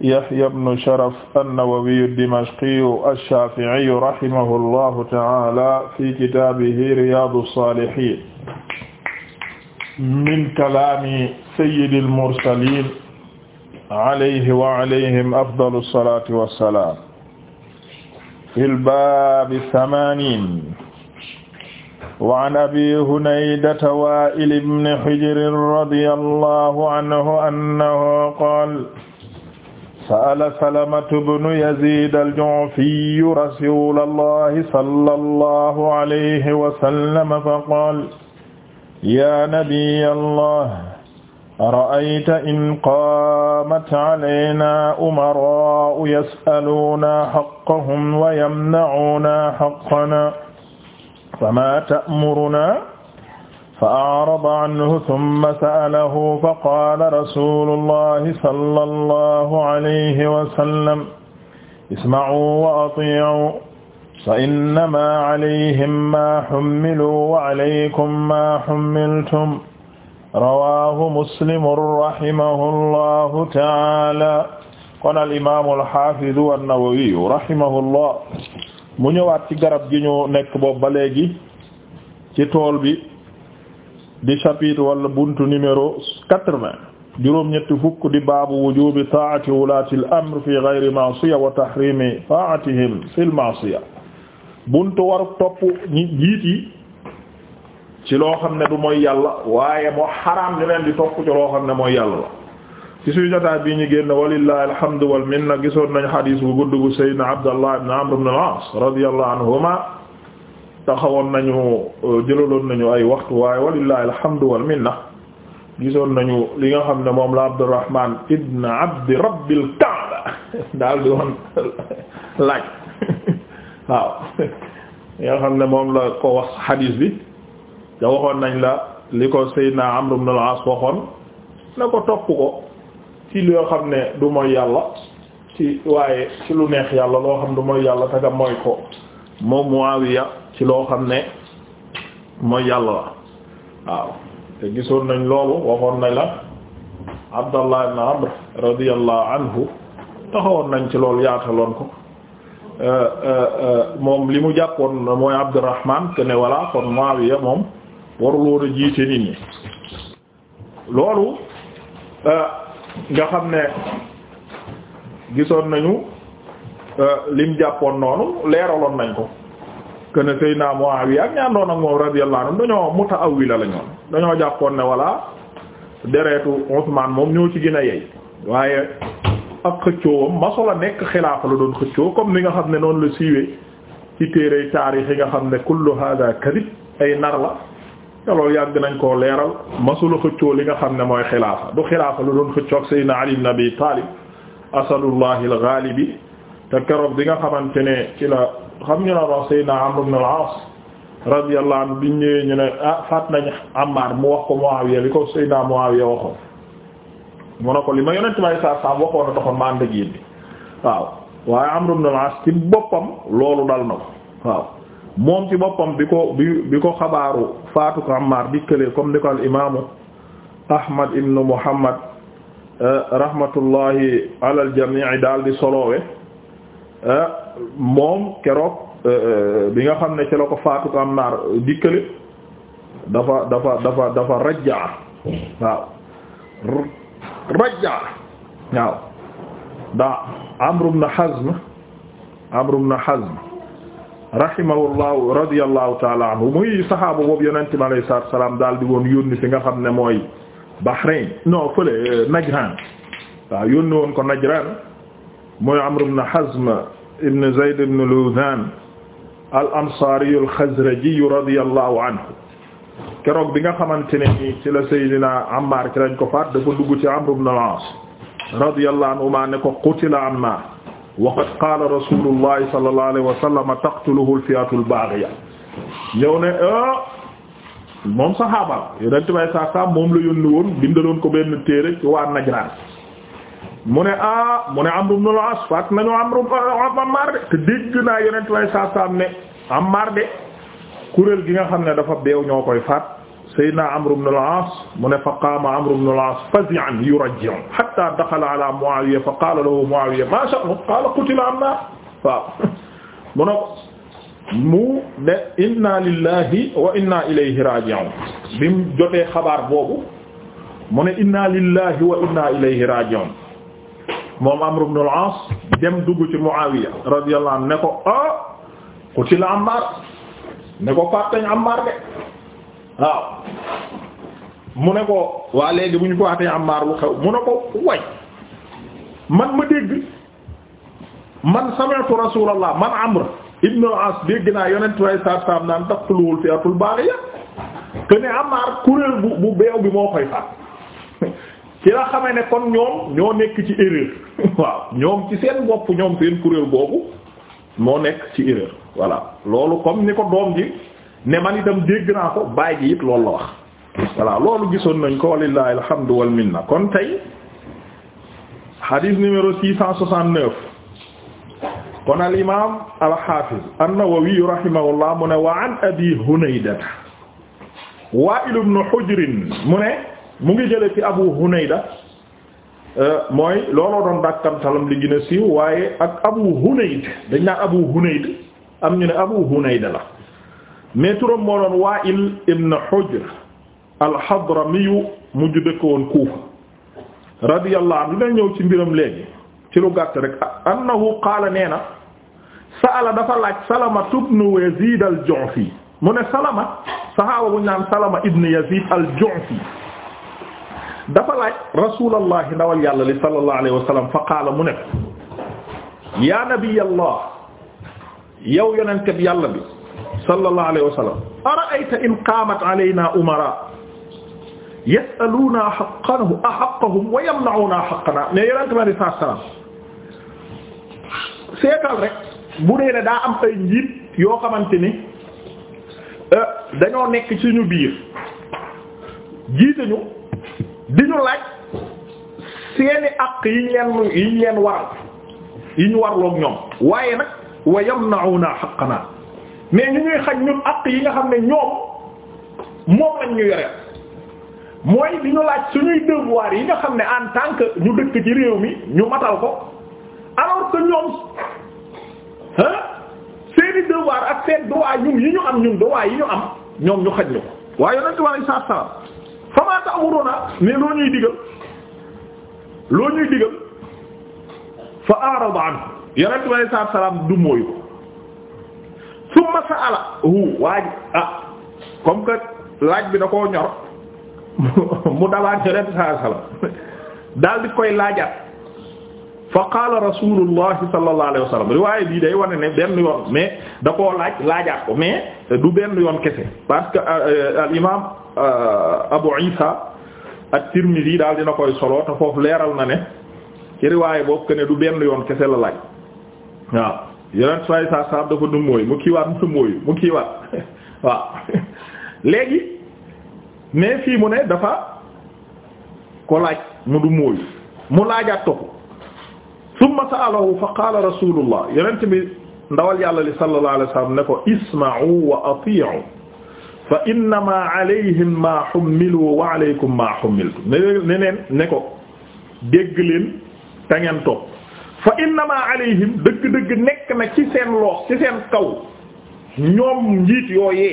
Yahya ibn Sharaf an-Nawawi ad-Dimashqi ash-Shafi'i rahimahullahu ta'ala fi kitaabihi Riyadu s-Salihin min kalaami sayyidil mursalin alayhi wa alayhim afdalu s-salati was-salam fil baabi thamaaniin wa an abi Hunaydata Waa'il ibn Hujr radiyallahu anhu annahu qaala sa'ala salamatu bnu yazid al-ju'fiyu rasulallahi sallallahu alayhi wa sallam faqaala yaa nabiyallah ara'ayta in qaamat alaynaa umaraa'u yas'aluunaa haqqahum wa yamna'uunaa haqqanaa famaa ta'murunaa fa a'rada anhu thumma sa'alahu fa qaala rasuulullahi sallallahu alayhi wa sallam isma'uu wa atii'uu fa innamaa alayhim maa hummiluu wa alaykum maa hummiltum rawaahu muslimun rahimahullahu ta'aala kon al imaamu al haafidu an-Nawawi rahimahullah mu ñëwaat ci garab gi ñu nekk boobu ba léegi ci tool bi di chapitre wala buntu numéro quatre-vingts juróom-ñetti fukk di baabu wujubi taati wulaati l amr fi gayri maasiya wa tahrimi taatihim fi l maasiya buntu waru topp ci loo xam ne du mooy yàlla waaye moo xaraam ñu leen di topp ci loo xam ne mooy yàlla la ci suñu jotaay bii ñu génn walillahi alhamdu wal minna gisoon nañ xadiis bu gudd bu sayyidina abdallah ibn amr ibn al-aas radiyallahu anhuma taxawoon nañu euh, jëlaloon nañu ay waxtu waaye walillahi alhamdu wal na gisoon nañu li nga xam ne moom la Abdurrahman ibn abdi rabbil kaaba daal di woon laaj waaw li nga xam ne moom la ko wax xadiis bi da waxoon nañ la li ko Seydina Amr ibn al-As waxoon na ko topp ko ci loo xam ne du mooy yàlla ci waaye ci lu neex yàlla loo xam du mooy yàlla taga mooy ko moom Muawiya ci loo xam ne mooy yàlla la waaw te gisoon nañ loolu waxoon nañ la Abdallah ibn Amr radiyallahu anhu taxawoon nañ ci loolu yaataloon ko euh, euh, euh, moom li mu jàppoon mooy Abdurrahman te ne voilà kon Muawiya moom warul woon a jiite nit ñi loolu nga xam ne gisoon nañu lim jàppoon noonu leeraloon nañ ko kene Seydina Muawiya ak ñaan doon ak moom radiyallahu anhu dañoo mutaawila la dañoo jàppoon ne walla deretu Usmaan moom ñoo ci gën a yey waaye ak xëccoowam masola nekk xilaafa la doon xëccoo comme ni nga xam ne noonu la siiwee ci téere taarix yi nga xam ne kullu hada kadib ay nar la te loolu yàgg nañ koo leeral masula xëccoo li nga xam ne mooy xilaafa du xilaafa la doon xëccoo ak Seydina Ali ibn Abi Talib asadullahi al-ghalibi te keroog bi nga xamante ne ci xam ñu doon wax Seydina Amr ibn al-As radiyallahu anhu ñu ne ah faat nañ Ammar mu wax ko Muawiya li ko Seydina Muawiya waxoon mu ne ko li ma yonent may saa saam waxoon a taxoon ma ànd ak yéen bi waaw waaye Amr ibn al-As ci boppam loolu dal na ko waaw moom ci boppam bi ko bi bi ko xabaaru faatu ko Ammar dikkalee comme ni ko al imaamu Ahmad ibn Muhammad eh, rahmatullahi ala al jamii daal di soloowe eh, moom keroog euh, euh, bi nga xam ne ci la ko faatu ko am naar dikkale dafa dafa dafa dafa rajjaa waaw rajjaa waaw da Amr ibn Hazm Amr ibn Hazm rahimahullahu radiyallahu taala anhu muy saxaaba boobu yonente bi alayhi salaatu wa salaam daal di woon yónni fi nga xam ne mooy Bahrain non fële euh, Najran waaw yónni woon ko Najran mooy Amr ibn Hazm ibn Zayd ibn Luzan al-Ansari al-Khazraji radiyallahu anhu keroog bi nga xamante ne ni ci la Seydina Ammar ci lañ ko faat dafa dugg ci Amr ibn al-As radiyallahu anhuma ne ko qutila Ammar wa qad qaala rasulullahi sallallahu alayhi wa sallam taqtuluhu al-fi'atu al-baghiya ñëw ne ah, moom saxaaba la yonent bay saa saa moom la yónni woon bindaloon ko benn téere ci waa Najraan mu ne ah mu ne Amr ibn al-As faat nañu Amr Ammar de te dégg naa yonent lay saa saam ne Ammar de kuréel gi nga xam ne dafa beew ñoo koy faat Seydina Amr ibn al-As mu ne fa qaama Amr ibn al-As fazi'an yurajji'u hatta daxala ala Muawiya fa qaala lahu Muawiya ma sha'nu qaala qutila Ammar waaw mu ne mu ne inna lillahi wa inna ilayhi raaji'un bi mu jotee xabaar boobu mu ne inna lillahi wa inna ilayhi raaji'un moom Amr ibn al-As dem dugg ci Muawiya radiyallahu anhu ne ko ah qutila Ammar ne ko faatañ Ammar de waaw mu ne ko waa léegi bu ñu faatañ Ammar lu xew mu ne ko way man ma dégg man sami'tu Rasulullah man Amr ibn al dégg naa yonent way saab saab naan taqtuluhu al-fi'atul baghiya ne Ammar kuréel bu bu beew bi moo koy faat ci la xamee ne kon ñoom ñoo nekk ci erreur waaw ñoom ci seen bopp ñoom seen kuréel boobu moo nekk ci erreur voilà loolu comme ni ko doom ji ne man itam dégg naa ko baay ji it loolu la wax voilà loolu gisoon nañ ko walillahi alhamdu wal minna kon tey hadith numéro 669 kon al imam al hafiz an-Nawawi rahimahullah mu ne wa an abi Hunaydata Wa'il ibn Hujr mu ne mu ngi jële ci Abu Hunayda euh, mooy looloo doon dàkkantalam li gën a siiw waaye ak Abu Hunayd dañ naan Abu Hunayd am ñu ne Abu Hunayda la mais turam waa doon Wa'il ibn Hujr al-Hadramiyu mujj dëkk woon Kuufa radiyallahu anhu dina ñëw ci mbiram léegi ci lu gàtt rek annahu qaala nee na saala dafa laaj Salama ibn Yazid al-Ju'fi mu ne Salama saxaaba bu ñu Salama ibn Yazid al-Ju'fi dafa laaj rasulallahi ndawal yàlla li sallallahu alayhi wa mu ne yaa nabiyallah yow yonente bi yàlla bi sallallahu alayhi in qaamat alaynaa umaraa yas'aluunaa haqqanahu ahaqqahum wa yamna'uunaa rek bu dee ne daa am ay yoo xamante ni euh, dañoo nekk ci ñu biir jiite ñu. di ñu laaj seeni àq yi ñu leen yi ñu leen waral yi ñu warloog ñoom waaye nag wa yamna'una haqqana mais ñu ñuy xaj ñun àq yi nga xam ne ñoom moom lañ ñu yore mooy di ñu laaj suñuy devoir yi nga xam ne en tant que ñu dëkk ci réew mi ñu matal ko alors que ñoom ah seeni devoir ak seen droit ñun yi ñu am ñun droit yi ñu am ñoom ñu xaj ñu ko waaye nag wala sa salaam famaa ta'muruna mais loo ñuy digal loo ñuy digal fa a'rada anhu yonent bi alayhi salaam du mooyu ko summa sa'alahu waaj ah comme que laaj bi da koo ñor mu dabaat yonent salaam daal di koy laajaat fa qaala rasulullahi sallallahu alayhi bii day wane ne benn yoon mais da koo laaj laajaat ko mais du benn yoon kese parce euh, euh, al imaam Euh, Abu Isa at-Tirmidhi daal dina koy solo te foofu leeral na ne ci riwaay boobu que ne du benn yoon kese la laaj waaw yeneen saa yi dafa nu mooy mu kiiwaat mu mooy mu kiiwaat waaw léegi mais fii mu ne dafa ko laaj mu du mooy mu laajaat topp summa sa'alahu fa qaala rasulullah yeneen bi ndawal yàlla li sallallahu alayhi wa sallam ne ko isma'u wa ati'u fa innama alayhim ma hummilu wa alaykum ma hummiltum ne leen ne ko dégg leen te ngeen topp fa innama alayhim dëgg-dëgg nekk na ci seen loox ci seen kaw ñoom njiit yooyee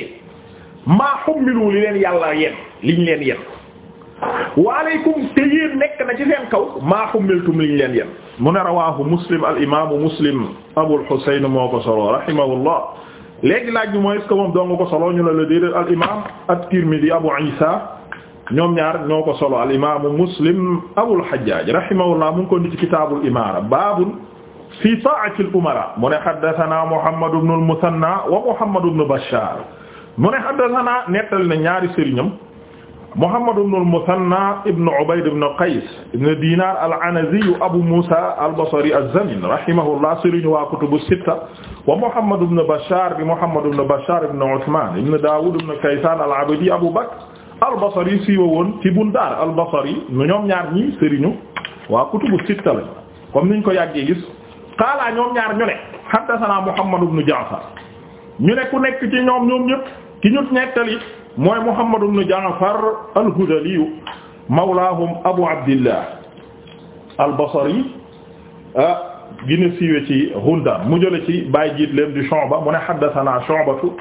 maa hummilu li leen yàlla yen liñ leen yen wa alaykum te yéen nekk na ci seen kaw maa hummiltum liñ leen yen mu ne rawaahu muslim al imaamu muslim abul husayn moo ko solo rahimahullah léegi laaj bi mooy est moom doo ko solo ñu la la déedéet al imaam at-Tirmidhi Abu Isa ñoom ñaar ñoo ko solo al imaamu Muslim Abul Hajjaj rahimahullah mu ngi ko ndi ci kitaabul imaara baabun fi ta'ati al-umara mu ne Muhammad ibn al-Muthanna wa Muhammad ibn Bashar mu ne haddathana nettal na ñaari sëriñam Muhammad ibn al-Muthanna ibn Ubayd ibn Qays ibn Dinar al-Anazi Abu Musa al-Basri az-Zamin rahimahullah sëriñu waa kutubu sitta wa Muhammad ibn Bashar bi Muhammad ibn Bashar ibn Uthman ibn Dawud ibn Kaysan al-Abdi Abu Bakr al-Basri siiwa woon ci Bundar al-Basri ñoom ñaar ñii sëriñu waa kutubu sitta lañ comme niñ ko yàggee gis qaala ñoom ñaar ñu ne haddathana Muhammad ibn Ja'far ñu ne ku nekk ci ñoom ñoom ñëpp ki ñu nettali mooy Muhammad ibn Ja'far al-Hudhali mawlaahum Abu Abdillah al-Basri ah gina siiwe ci Ghundar mu jële ci bàyyi jiit leen di Shu'ba mu ne haddathanaa Shu'batu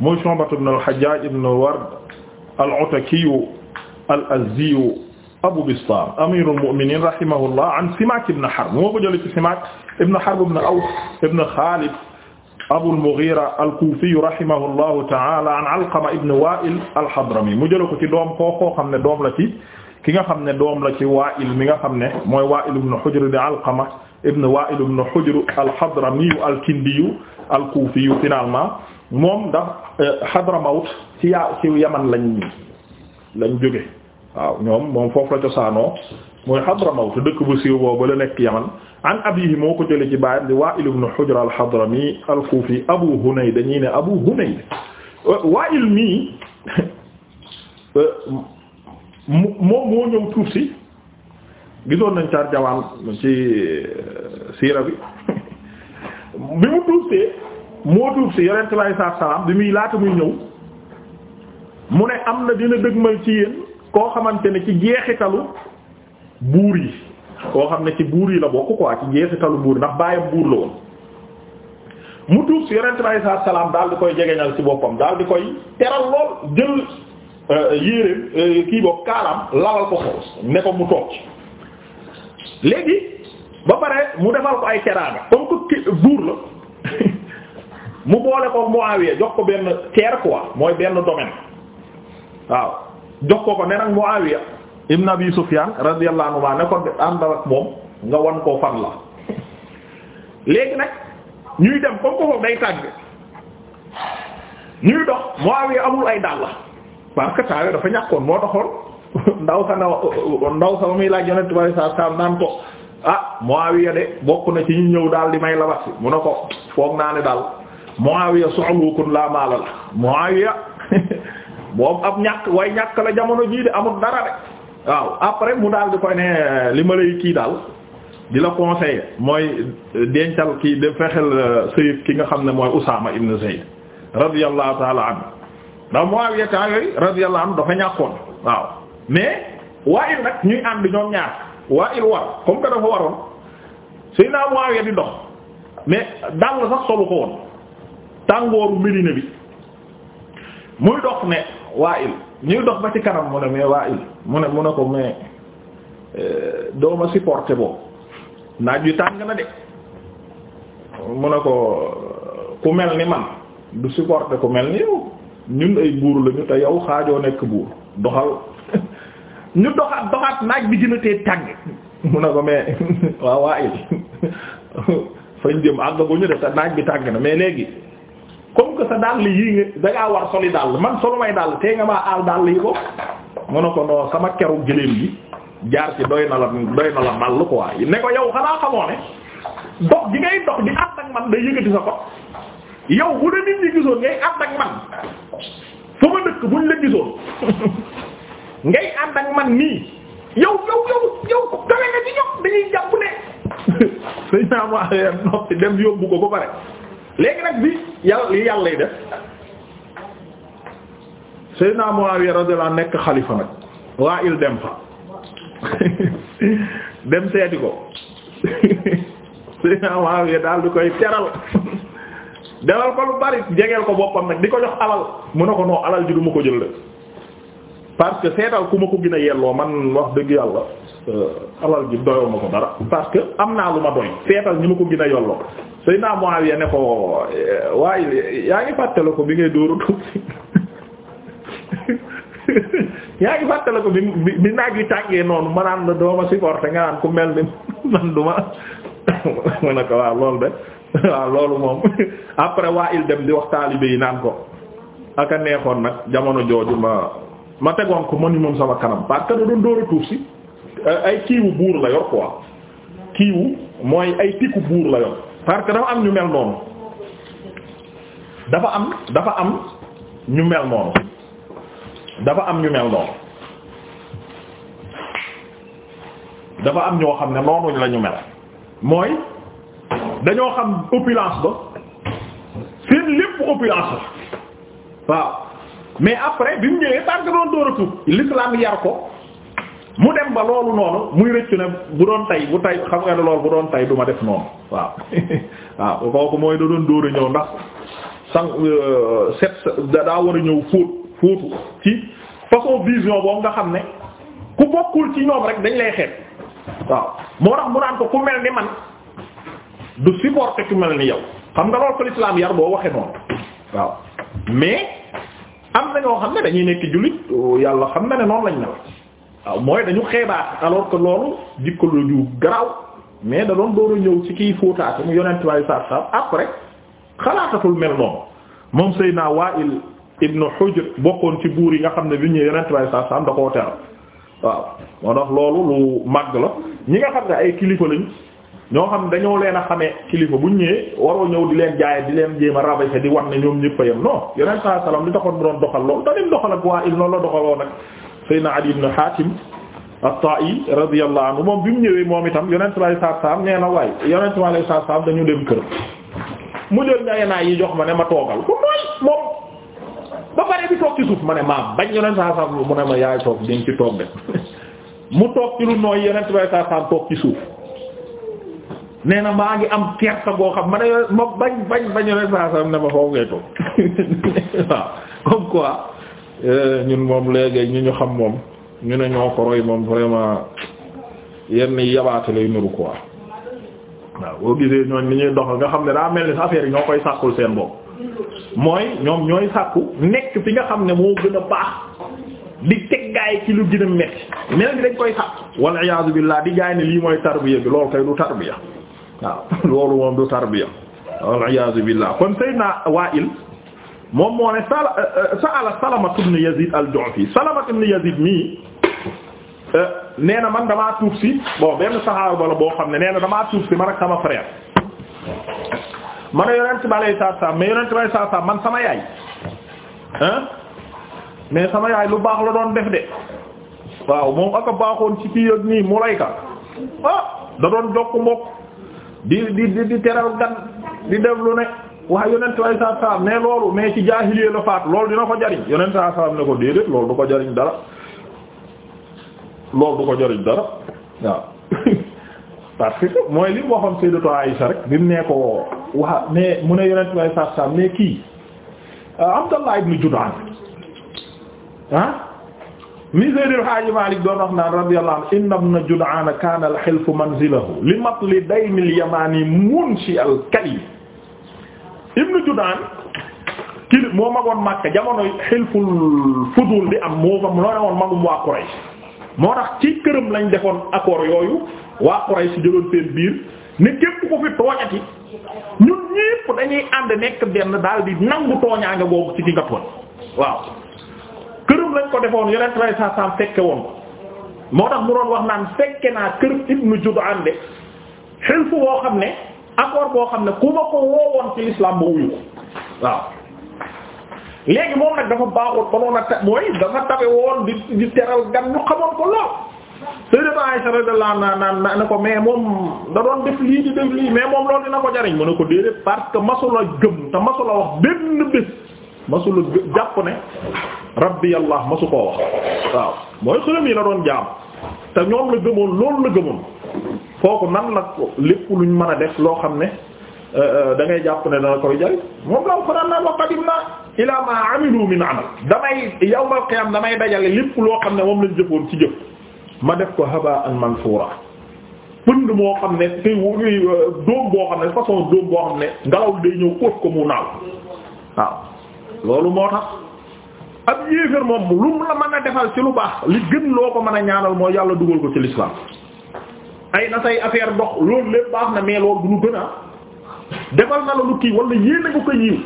muy Shu'batu ibn al-Hajjaj ibn Ward al-Atakiyu al-Azdiyu Abu Bistam amirul mu'minin rahimahullah an Simak ibn Harb moo ko jële ci Simak ibn Harb ibn Aws ibn Khalid Abul Mughira al-Kufi rahimahullahu ta'ala an Alqama ibn Wa'il al-Hadrami mu jëla ko ci doom koo koo xam ne doom la ci ki nga xam ne doom la ci Wa'il mi nga xam ne mooy Wa'il ibn Hujr di Alqama ibn Wa'il ibn Hujr al-Hadrami al-Kindi al-Kufi finalement moom ndax euh, Hadramawt ci yaa ci Yaman lañ lañ jóge waaw ñoom moom foofu la cosaanoo mooy Hadramawt dëkk bu siiw boobu la nekk Yaman an abihi moo ko jëlee ci baayam di Wa'il ibn Hujra al-Hadrami al-Kufi Abu Hunayd dañuy ne Abu Hunayd euh, Wa'il mii euh, moom moo ñëw tuub si gisoon nañ car ci euh, siira bi bi mu tuub see moo tuub si saa salaam bi muy laata muy ñëw mu ne am na dina dëgmal ci yéen koo xamante ne ci jeexitalu buur yi koo xam ne ci buur yi la bokk quoi ci jeexitalu buur ndax bàyyam buur la woon mu tuub si yonent bi alayhi salaatu salaam daal di koy jegeñal ci boppam daal di koy teral lool jël euh, yéere euh, kii kaalam lawal ko xew ne ko mu toog ci léegi ba pare mu defal ko ay teraanga comme que buur la mu boole ko Muawiya jox ko benn terre quoi mooy benn domaine waaw jox ko ko ne nag Muawiya ibn abi sufyan radiyallahu anhu ma ne ko àndal ak moom nga wan koo fan la léegi nag ñuy dem comme ko foofu day amul ay dàll parce que saa dafa ñàkkoon moo ah, bokk na ci ñu ñëw daal di may labat mu ne ko foog naa ne daal Muawiya su'lukun la ñàkk way ñàkk la jamono jii de amul dara de waaw après mu daal di koy ne euh, li ma lay kii daal di la conseiller mooy euh, dencal kii de fexeel euh, sayid ki nga xam ne mooy Usaama ibn Zayd radiyallahu taala anhu ndax Muawiya taa yooyu radiyallahu dafa ñàkkoon waaw mais Wa'il nag ñuy ànd ñoom ñaar Wa'il war comme que dafa waroon Seydina Muawiya di dox mais dal sax solu ko woon tàngooru Medina bi muy dox ne Wa'il ñuy dox ba ci kanam mu ne mais waa il mu ne mu ne ko mais euh, dooma supporté boobu naaj wi tàng na de mu ne ko ku mel ni man du supporté ku mel ni yow ñun ay buur lañu te yow xaajoo nekk buur doxal ñu doxaat doxaat naaj bi gën a tee tàng mu ne ko mais waa waa il fañ jëm àgg bu ñu def te naaj bi tàng na mais léegi comme que sa dàll yii nga dangaa war soli dàll man solo dàll tey nga maa aal dàll yi ko mu ne ko non sama keru gëléem gi jaar ci doy na la doy na la mall quoi ne ko yow xanaa xamoo ne dox gi ngay dox di ànd ak man day yëkkati sa ko yow bu dee nit ñi gisoon ngay ànd ak man fu ma dëkk buñ la gisoon ngay ànd ak man nii yow yow yow yow tawee nga ci ñoom dañuy jàpp ne dañ naa ma noppi dem yóbbu ko ba pare. léegi nag bi yàlla li yàlla lay def Seydina Muawiya radiyallahu anhu nekk xalifa nag waa il dem fa dem seeti ko Seydina Muawiya daal di koy teral dalal ko lu bari jegeel ko boppam nag di ko jox alal mu ne ko noo alal ji du ma ko jël parce que seetal ku ma ko gën a yelloo man wax dëgg yàlla Euh, alal ji doyoo ko dara parce que am naa lu ma doy feetal ñu ma ko gën a yolloo Seydina Muawiya ne ko euh, waaye yaa ngi fàttale ko bi ngay dóoru tuub si yaa ngi fàttale ko bi naaj wi tàngee noonu ma naan la dooma supporté nga naan ku mel ni man duma ma ne ko waaw loolu de waaw loolu moom après waa il dem di wax taalibe yi naan ko aka neexoon nag jamono jooju ma ma tegoon ko man moom sama kanam parce que da doon dóoru si Euh, ay kiiwu buur la yor quoi kiiwu mooy ay tikku buur la yor parce que dafa am ñu mel noonu dafa am dafa am ñu mel noonu dafa am ñu am ñoo xam ne noonu la mel mooy dañoo xam opulence ba seen lépp opulence la waaw mais après bi mu ñëwee parce que doon dóor a yar ko mu dem ba loolu noonu muy rëccu ne bu doon tay bu tay xam nga ne loolu bu doon tay du ma def noonu waaw waaw kooku mooy da doon dóor a ñëw ndax sang euh, set daa war a ñëw fóot fóotu ci façon vision boobu nga xam ne ku bokkul ci ñoom rek dañ lay xeet waaw moo tax mu naan ko ku mel ni man du supporter ku mel ni yow xam nga loolu ko l'islam yar boo waxee noonu waaw mais am na ñoo xam ne dañuy nekk jullit yàlla xam na ne noonu lañ ne la waaw mooy dañu xeebaat alors que loolu jikko lu ju garaaw mais da doon door a ñëw ci kiy fóotaate mu yonent waayu saab saab après xalaatatul mel noonu moom Seydina Wa'il ibn Hujr bokkoon ci buur yi nga xam ne bi ñu yonent waayu saab saab da koo teral waaw moo tax loolu lu màgg la ñi nga xam ne ay kilifa lañ ñoo xam ne dañoo leen a xamee kilifa bu ñëwee waroo ñëw di leen jaay di leen jéem a rabaisser di wan ne ñoom ñëpp a yem non yonent saa salaam li taxoon mu doon doxal loolu da leen doxal ak Seydina Adi ibn Hatim at-Ta'i radiyallahu anhu moom bi mu ñëwee moom itam yonent bi alayhi salaatu salaam nee na waay yonent bi alayhi salaatu salaam dañu dem kër mu jël ñayanaa yi jox ma ne ma toogal ku mooy moom ba pare bi toog ci suuf ma ne maa bañ yonent saa saa mu ne ma yaay toog di ci toog de mu toog ci lu nooy yonent bi saa saa toog ci suuf nee na maa ngi am kersa boo xam ma ne ma bañ bañ bañ yonent saa saa ne ma foofu ngay toog waaw comme quoi. Eh, ñun moom léegi ñu ñu xam moom ñu ne ñoo ko roy moom vraiment yenn yabaate lay nuru quoi waaw boo gisee ñooñ ni ñuy doxal nga xam ne daa mel ni affaire yi ñoo koy sàkkul seen bopp mooy ñoom ñooy sàkku nekk fi nga xam ne moo gën a baax di teg gaay ci lu gën a metti mel ni dañ koy sàkku walla iyaazu billaah di jaay ne lii mooy tarbiya bi loolu kay du tarbiya waaw loolu moom du tarbiya walla iyaazu billaah kon Seydina Waa'il moom moo ne sala euh, euh, sa'ala Salama ibn Yazid al-Ju'fi Salama ibn Yazid mii euh, nee na man damaa tuub si bon benn saxaaba la boo xam ne nee na damaa tuub si man ak sama frère. ma ne yonent bi alayhi salaatu man sama yaay ah sama yaay lu baax la doon def de waaw moom ak baaxoon ci kii ak nii mulayka ah da doon jokk mbokk di di di teral gan di def lu ne. waa yonent way saa saam mais loolu mais ci jaahiliya la faat dina ko jariñ yonent saa saam ne ko déedéet loolu du ko jariñ dara loolu du ko jariñ dara waaw mooy li waxoon Sayyidatu Aïsha rek bi mu ne ko waa mais mu ne yonent way saa saam mais kii euh, Abdallah ibn Jud'an ah mi Seydil Haaji Malik doon wax naan radiyallahu anhu inna ibn Jud'an kana al-hilfu manzilahu li matli daymil yamani munshi al-kalim ibnu Judaan kii moo magoon Makka jamonoy xilful fudul di am moo fa noo ne woon moo tax ci këram lañ defoon accord yooyu waa Quraysh jëloon seen biir képp ko fi tooñati ñun ñépp dañuy ànd nekk benn daal di nangu tooñaange googu ci ki nga tooñ waaw këram ko defoon yonent lay saa saam woon moo tax mu doon wax naan fekke naa kër ibnu Judaan de xilfu woo xam ne accord boo xam ne ku ma ko woowoon ci l'islam ba wuyu ko waaw léegi moom nag dafa baaxoon banoon a ta mooy dafa tabe woon di di teral gan ñu xamoon ko lool Sayyidatu Aisha radiyallahu anha ne ko mais moom da doon def lii di def lii mais moom loolu dina ko jariñ mu ne ko déedéet parce que masula gëm te masula wax benn bés masula jàpp ne rabbi yàlla masu koo wax waaw mooy xërëm yi la doon jaam te ñoom la gëmoon loolu la gëmoon kooku nan la lépp luñ mën a def loo xam ne euh, euh, dangay jàpp ne dana koy jëriñ moom la alxuraan naan wa qadimna ila ma amilu min amal damay yawmal qiyam damay dajale lépp loo xam ne moom lañ jëfoon ci jëf ma def ko haba'an mansura pënd moo xam ne te euh, boo xam ne façon dóom boo xam ne ngelaw day ñëw óot ko mu naaw waaw loolu moo tax ab yéeféer moom lu mu la mën a defal ci lu baax li gën loo ko mën a ñaanal moo yàlla dugal ko ci l'islam ay na say affaire dox loolu lépp baax na mais loolu du gën a defal na la lu kii wala yéene nga ko yiw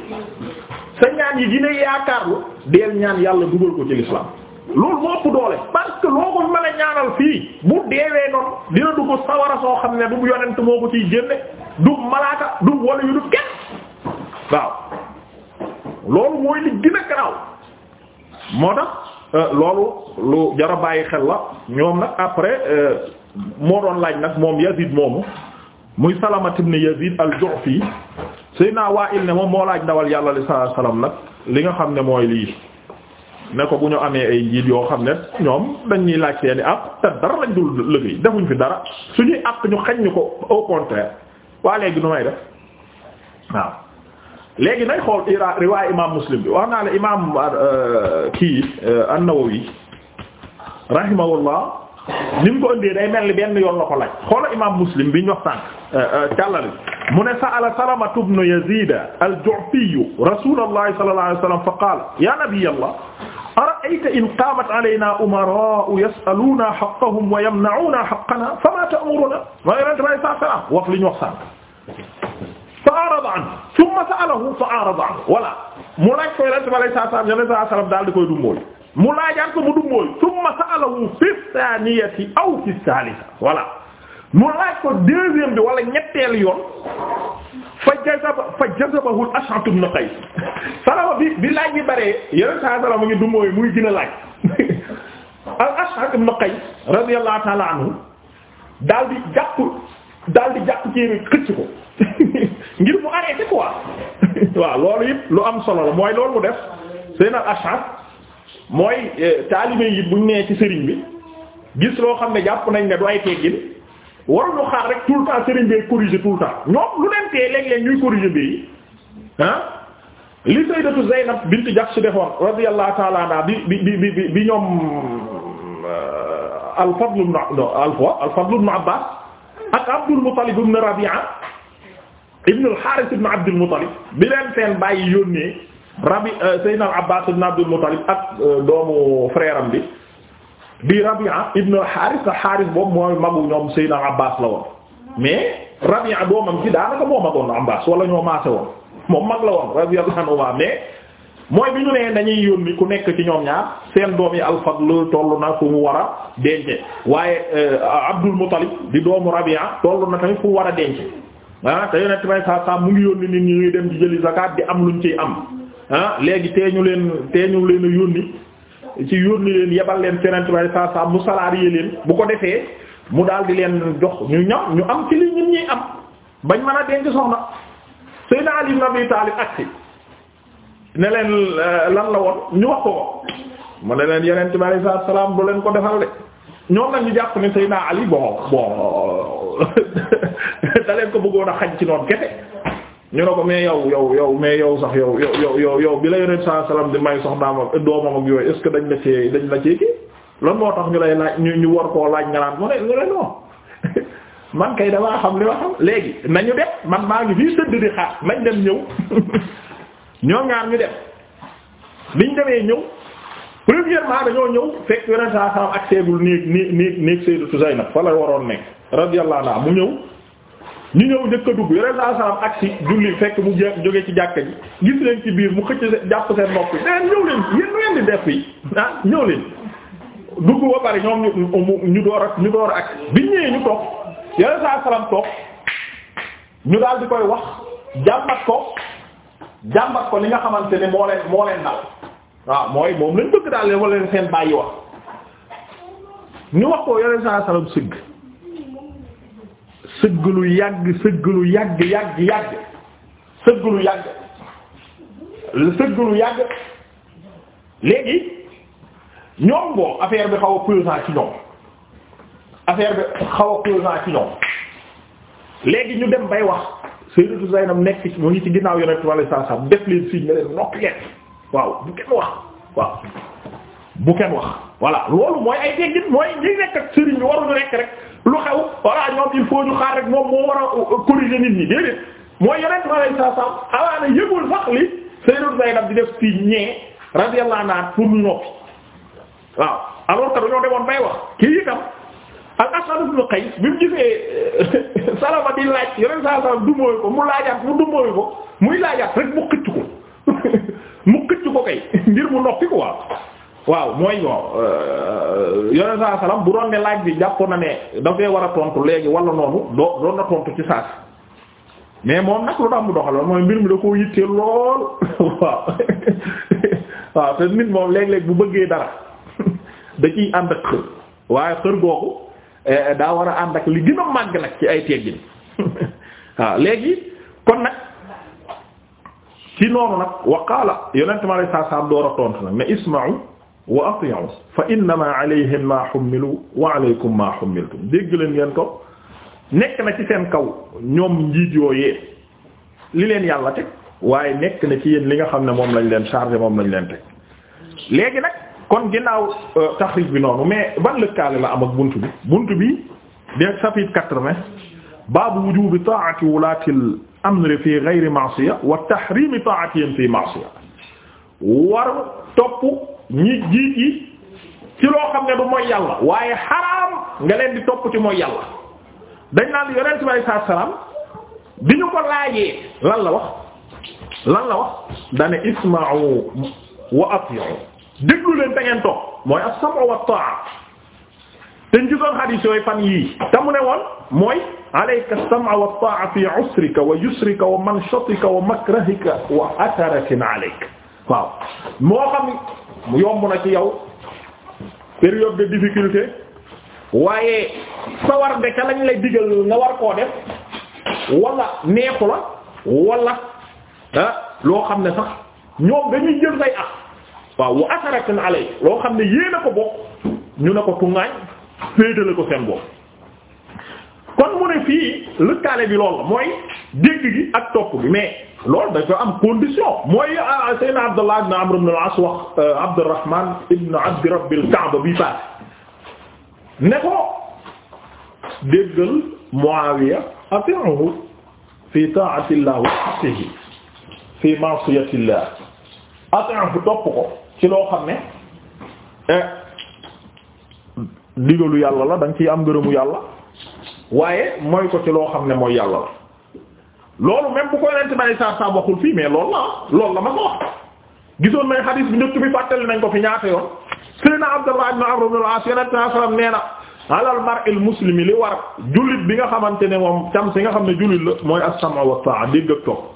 sa ñaan yi dina yaakaarlu deel ñaan yàlla dugal ko ci l'islam loolu moo ëpp doole parce que loo ko mën a ñaanal fii bu deewee noonu dina du ko sawara soo xam ne du yonent moo ko ciy génne du malaaka du wala yu du kenn waaw loolu mooy li gën a moo tax Euh, loolu lu jara bàyyi xel la ñoom nag après euh, moo doon laaj nag moom Yazid moomu muy Salamat ibn Yazid al-Ju'fi Seydina Wa'il ne moom moo laaj ndawal yàlla li saa salaam nag li nga xam ne mooy lii ne ko bu ñu amee ay njiit yoo xam ne ñoom dañuy laaj seeni àpp te dara lañ dul liggéey defuñ fi dara suñuy àpp ñu xañ ñu ko au contraire waa léegi nu may def waaw léegi nañ xool riwaay imaam muslim bi wax naa la imaam euh, kii euh, an-Nawawi rahimahullah ni mu ko indee day mel ni benn yoon la ko laaj xoola imaam muslim bi ñu wax sànq euh, càllal mu ne sa'ala Salamatu ibn Yazid al-Ju'fi rasulallahi sallallahu alayhi wa sallam fa qaala ya nabiyallah ara'ayta in qaamat alaynaa umaraa'u yas'aluuna haqqahum wa yamna'uuna haqqanaa famaa ta'murunaa wax li ñu wax sànq fa arada an thumma sa'alahu fa arada an voilà mu laaj ko yonent bi alayhi salaam yonent bi alayhi salaam daal di koy dummóoyu mu laajaat ko mu dummóoyu thumma sa'alahu fi thaniyati aw fi thalitha voilà mu laaj ko deuxième bi wala ñetteel yoon fa jazaba fa jazabahu al-Ash'ath ibn Qays salama bi bi laaj bi bëree yonent bi alayhi salaam mu ngi dummóoyu muy gën a laaj al-Ash'ath ibn Qays radiyallahu ta'ala anhu daal di jàpp daal di jàpp ci xëcc ko ngir mu arrêté quoi waaw loolu it lu am solo la mooy loolu mu def seen al ashar mooy eh, taalibe yi buñ nee ci sëriñ bi gis loo xam ne jàpp nañ ne du ay teggin waruñu xaar rek tout le temps sëriñ bi corriger tout le temps ñoom lu leen tee léeg-léeg ñuy corriger mbir yi ah li sayyidatu Zaynab bint Jahsh defoon radiyallahu ta'ala anha bi bi bi bi bi ñoom euh, al-Fadl ibn al-Fadl ibn Abbas ak Abdul Muttalib ibn Rabi'a ibn al-Harith ibn muttalib bi leen seen bàyyi yónnee rabi euh, Seydina al-Abbas ibn Abd al-Muttalib ak euh, doomu frère am bi di Rabi'a ibn al-Harith al-Harith boobu mooy magu ñoom Seydina al-Abbas la woon mais Rabi'a doomam ci daanaka moo magoon Abbas wala ñoo maase woon moom mag la woon radiyallahu anhu mais mooy bi ñu nee dañuy yónni ku nekk ci ñoom ñaar seen doom yi al-Fadl toll na fu mu war a denc waaye euh, Abdul Muttalib di doomu Rabi'a toll na tamit war a denc. ah te yonent may saa saa mu ngi yónni nit ñi ñuy dem di jëli zakat di am luñ ci am ah léegi teeñu leen teeñu leen a yónni ci yónni leen yebal leen ci yonent may saa saa mu salarié leen bu ko defee mu daal di leen jox ñu ñam ñu am ci li ñun ñuy am bañ mën a denc soxna Seydina Ali ibn Abi Talib agsi ne leen euh, lan la woon ñu wax ko ne leen yonent may saa salaam du leen ko defal de ñoom nag ñu jàpp ne Seydina Ali bon bon. da leen ko bëggoon a xaj ci noonu kese ñu ne ko mais yow yow yow mais yow sax yow yow yow yow bi la yonent saa salaam di may soxnaam ak doomam ak yooyu est dañ la ci dañ la cee kii lan moo tax ñu lay laaj ñu ñu war koo laaj nga naan mu ne mu ne non man kay damaa xam li ma xam léegi nañu dem man maa ngi fii sëdd di xaar nañ dem ñëw ñoo ñaar ñu dem biñ demee ñëw premièrement dañoo ñëw fekk yonent saa salaam ak seegul néeg néeg néeg néeg Sayyidatu Zaynab fa la waroon nekk. radiyallahu anha mu ñëw ñu ñëw njëkk a dugg yore saa salaam ak si julli fekk mu jóge ci jàkka ji gis leen ci biir mu xëcc jàpp seen nopp yi nee ñëw leen yéen leen di def yi ah, ñëw leen dugg ba pare ñoom ñu door ak ñu biñ ñëwee ñu toog yore saa salaam toog ñu daal di koy wax jàmbat ko jàmbat ko li nga xamante ne moo leen moo leen dal waaw mooy moom lañ bëgg daal leen wala leen seen bàyyi wax ñu wax ko yore saa salaam sëgg. sëgg lu yàgg sëgg yàgg yàgg yàgg sëgg lu yàgg sëgg yàgg léegi ñoom boo affaire bi xaw a pesant ci ñoom affaire bi xaw a pesant ci ñoom léegi ñu dem bay wax Sayyidatu Zaynab nekk mu ci ginnaaw Yonent bi sallallahu alayhi wasallam def leen signe ne leen noppi leen waaw bu kenn wax waaw bu kenn wax voilà loolu mooy ay teggin mooy ñi nekk sëriñ bi waruñu nekk rek lu xew voilà ñoom il faut moom moo war a euh, euh, corriger nit ñi déedéet mooy yonent ma lay saa sam alaana yëgul sax li Sayyidou Zaynab di def ci ñee radiyallahu noppi waaw alors que dañoo demoon bay wax kii itam al Asad ibn Qays bi mu gisee euh, Salama di laaj yonent saa sam dumóoyu ko mu laajaat mu dumóoyu ko muy laajaat rek mu xëcc ko mu xëcc ko kay ngir mu noppi quoi waaw mooy bon euh, yoneen saa salaam bu doon ne laaj bi jàpp na ne dafay war a tontu léegi wala noonu doo doon na tontu ci saas mais moom nag lu tax mu doxal mooy mbir mi da koo yittee lool waaw waaw te nit moom léeg-léeg bu bëggee dara da ciy ànd ak waaye xër googu eh, daa war a ànd ak li gën a màgg nag ci ay teggin waaw léegi kon nag ci noonu nag waqaala yonent ma lay saa saa door a tontu nag mais isma'u wa ati'u fa innama alayhim ma hummilu wa alaykum ma hummiltum dégg leen ngeen ko nekk na ci seen kaw ñoom njiit yooyee li leen yàlla teg waaye nekk na ci yéen li nga xam ne moom lañ leen chargé moom lañ leen teg léegi nag kon ginnaaw euh, taxrij bi noonu mais ban lëkkaale la am ak bunt bi bunt bi de chapitre quatre-vingt baabu wujubi ta'ati wulaatil amri fi ghayri ma'siya wa tahrimi ta'atihim fi ma'siya war topp ñi jiit yi ci loo xam ne du mooy yàlla waaye xaraam nga leen di topp ci mooy yàlla dañ naan yonent bi alayhi salaatu salaam bi ñu ko laajee lan la wax lan la wax dane isma'u wa ati'u déglu leen te ngeen toog mooy as-sam'u wa ta'a te ñu gisoon xadiis yooyu fan yii te mu ne woon mooy alayka as-sam'u wa ta'a fi 'usrika wa yusrika wa manshatika wa makrahika wa moo xam mu yomb na ci yow période de difficulté waaye sawar de ca lañu lay digal nga war koo def wala neexu la walla ah loo xam ne sax ñoom dañuy jël say ak waaw wa asaratin alay loo xam ne yéen a ko bokk ñu ne ko tuŋaañ féetale ko seen bopp kon mu ne fii lëkkaale bi lool la mooy dégg gi ak topp bi mais loolu dafa am condition mooy euh, Seydina Abdullah ibn Amr ibn al-As wax euh, Abdurrahman ibn Abd Rabb al-Ka'ba bi paas ne ko déggal Muawiya ati'uhu fi ta'ati llah wa haqqihi fi ma'siyati llah ati'uhu topp ko ci loo xam ne eh, digalu yàlla la da nga ciy am ngërëmu yàlla waaye mooy ko ci loo xam ne mooy yàlla la loolu même bu ko yonent bari saa saa waxul fii mais loolu la loolu la ma ko wax gisoon nañ xadiis bi njëkk bi fàttali nañ ko fi ñaata yoon Seydina Abdallah ibn Amr ibn al-As yonent saa sallam nee na alal mar'il muslimi li war jullit bi nga xamante ne moom cam si nga xam ne jullit la mooy as-sam'u wa ta'a dégg ak toog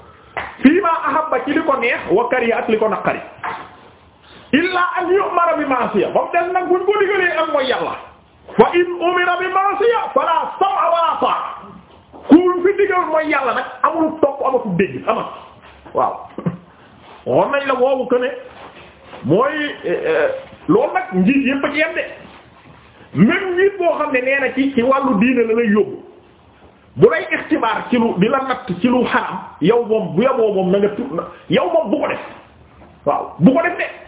fii ma ahabba ci li ko neex wa kariha ak li ko naqari illaa an yu'mara bi ma'siya moom des nag buñ ko digalee ak mooy yàlla fa in umira bi ma'siya fala sam'a wala ta'a ku fi digal mooy yàlla nag amul topp amatu dégg amat waaw won nañ la woowu que mooy eh, eh, loolu nag njiit yépp a ci yem de même njiit boo xam ne nee na ci ci wàllu diine la lay yóbbu bu lay ixtibaar ci lu di la natt ci lu xaram yow moom bu yaboo moom na nga tur moom bu ko def waaw bu ko def de